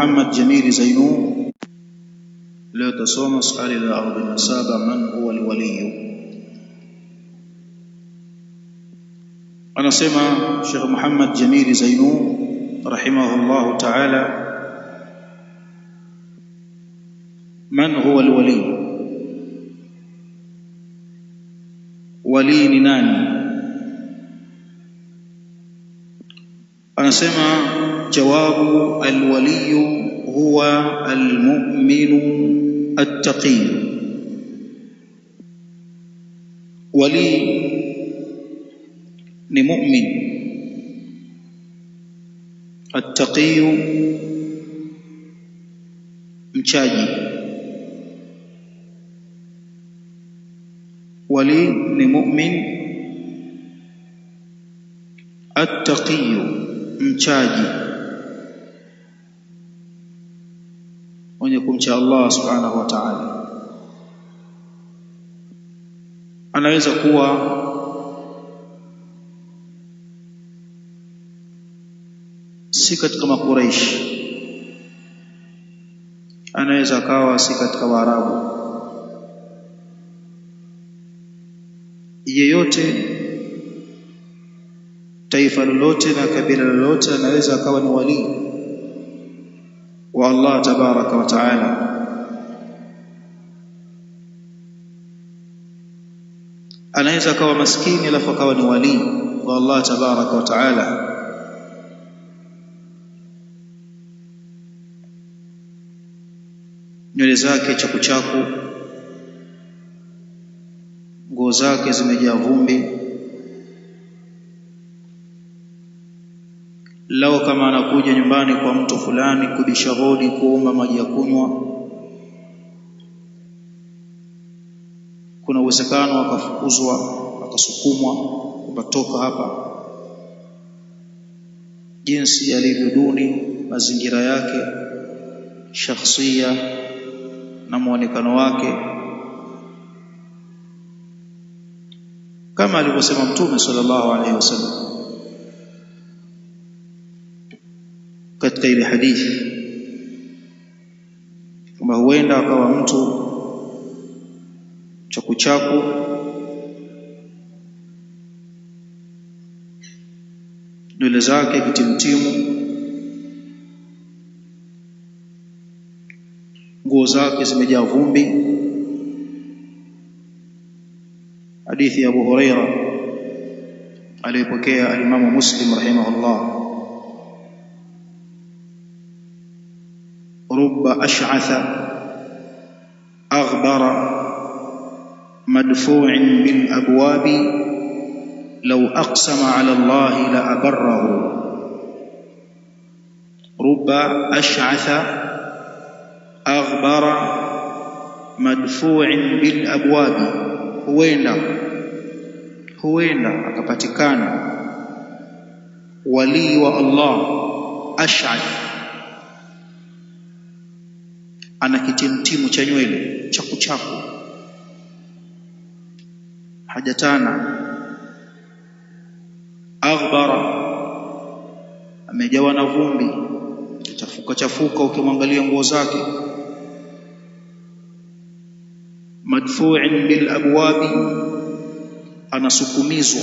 محمد جميل زينوم لا تصوم اسأل إلى أرض النسابة من هو الولي أنا سمع شيخ محمد جميل زينوم رحمه الله تعالى من هو الولي ولي ناني anasema jawabu alwaliyu huwa almu'minu attaqi wali ni mu'min attaqi mchaji wali ni mu'min attaqi mchaji mwenye kumcha Allah subhanahu wa ta'ala anaweza kuwa si katika makuraishi anaweza akawa si katika waarabu yeyote taifa lolote na kabila lolote anaweza akawa ni walii wa Allah tabaraka wa taala. Anaweza akawa maskini alafu akawa ni walii wa Allah tabaraka wa taala. Nywele zake chakuchaku, nguo zake zimejaa vumbi Lao kama anakuja nyumbani kwa mtu fulani kubisha hodi, kuomba maji ya kunywa, kuna uwezekano akafukuzwa, akasukumwa kutoka hapa, jinsi alivyo duni mazingira yake, shakhsia na muonekano wake, kama alivyosema Mtume sallallahu alaihi wasallam katika ile hadithi kwamba huenda akawa mtu chakuchaku nywele zake kitimtimu, nguo zake zimejaa vumbi. Hadithi ya Abu Huraira aliyopokea alimamu Muslim rahimahullah رب أشعث أغبر مدفوع بالأبواب لو أقسم على الله لأبره رب أشعث أغبر مدفوع بالأبواب هوينا هوينا أكبتكانا ولي والله أشعث ana kitimtimu cha nywele chaku chaku, hajatana, aghbara, amejawa na vumbi, chafuka chafuka, ukimwangalia nguo zake, madfu'in bil abwabi, anasukumizwa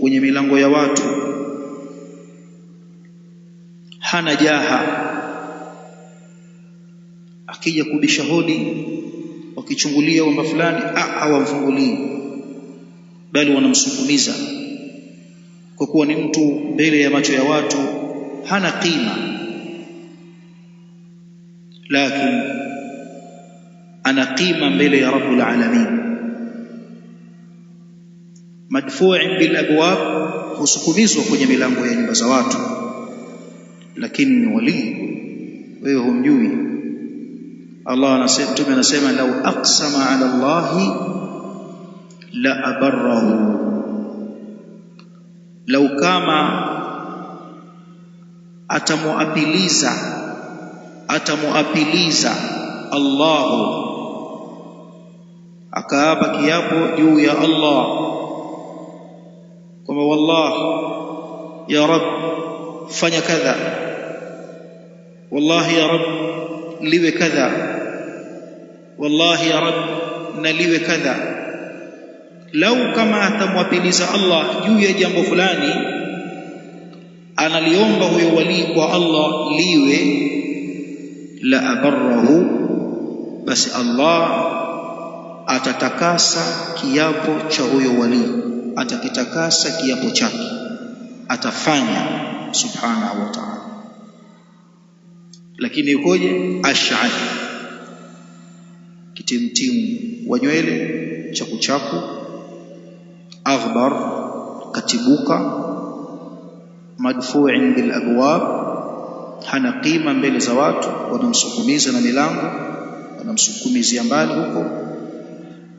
kwenye milango ya watu, hana jaha akija kubisha hodi wakichungulia wamba fulani hawamfungulii, bali wanamsukumiza kwa kuwa ni mtu mbele ya macho ya watu hana qima, lakini ana qima mbele ya Rabbul Alamin. Madfuu bil abwab, husukumizwa kwenye milango ya nyumba za watu, lakini ni walii, wewe humjui Allah mtume anasema lau aqsama ala Allahi la abarahu, lau kama atamuapiliza atamuapiliza Allahu akaapa kiapo juu ya Allah kwamba wallah ya rab fanya kadha wallahi ya rab liwe kadha wallahi ya Rabb, naliwe kadha. Lau kama atamwapiliza Allah juu ya jambo fulani, analiomba huyo walii kwa Allah liwe la abarahu, basi Allah atatakasa kiapo cha huyo walii, atakitakasa kiapo chake, atafanya subhanahu wa ta'ala. Lakini yukoje? ashari kitimtimu wa nywele, chakuchaku, aghbar, katibuka, madfu'in bil hana qima mbele za watu, wanamsukumiza na milango, wanamsukumizia mbali huko.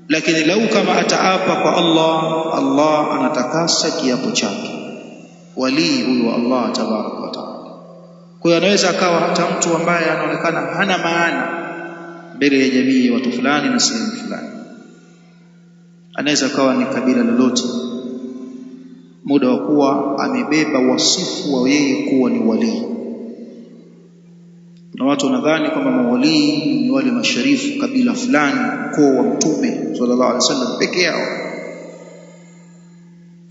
Lakini lau kama ataapa kwa Allah, Allah anatakasa kiapo chake, walii huyu wa Allah tabaraka wa taala. Kwa hiyo anaweza akawa hata mtu ambaye anaonekana hana maana mbele ya jamii ya watu fulani na sehemu fulani. Anaweza kawa ni kabila lolote, muda wa kuwa amebeba wasifu wa yeye kuwa ni walii. Kuna watu wanadhani kwamba mawalii ni wale masharifu, kabila fulani, ukoo wa Mtume sallallahu alaihi wasallam peke yao,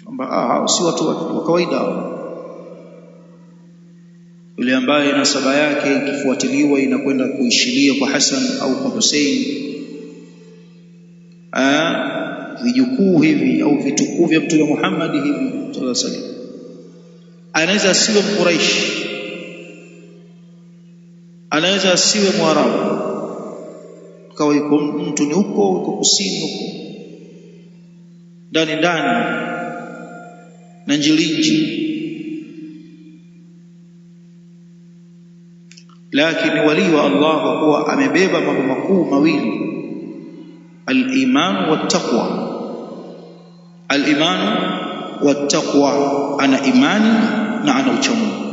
kwamba ah, si watu wa kawaida yule ambaye nasaba yake ikifuatiliwa inakwenda kuishilia kwa Hassan au kwa Hussein, ah, vijukuu hivi au vitukuu vya Mtume Muhammad hivi sallallahu alaihi wasallam, anaweza asiwe Mkuraishi, anaweza asiwe Mwarabu, kawa yuko mtu ni huko uko kusini huko ndani ndani na njilinji lakini walii wa Allah kwa kuwa amebeba mambo makuu mawili al-iman wa taqwa, al-iman wa taqwa, ana imani na ana uchamungu.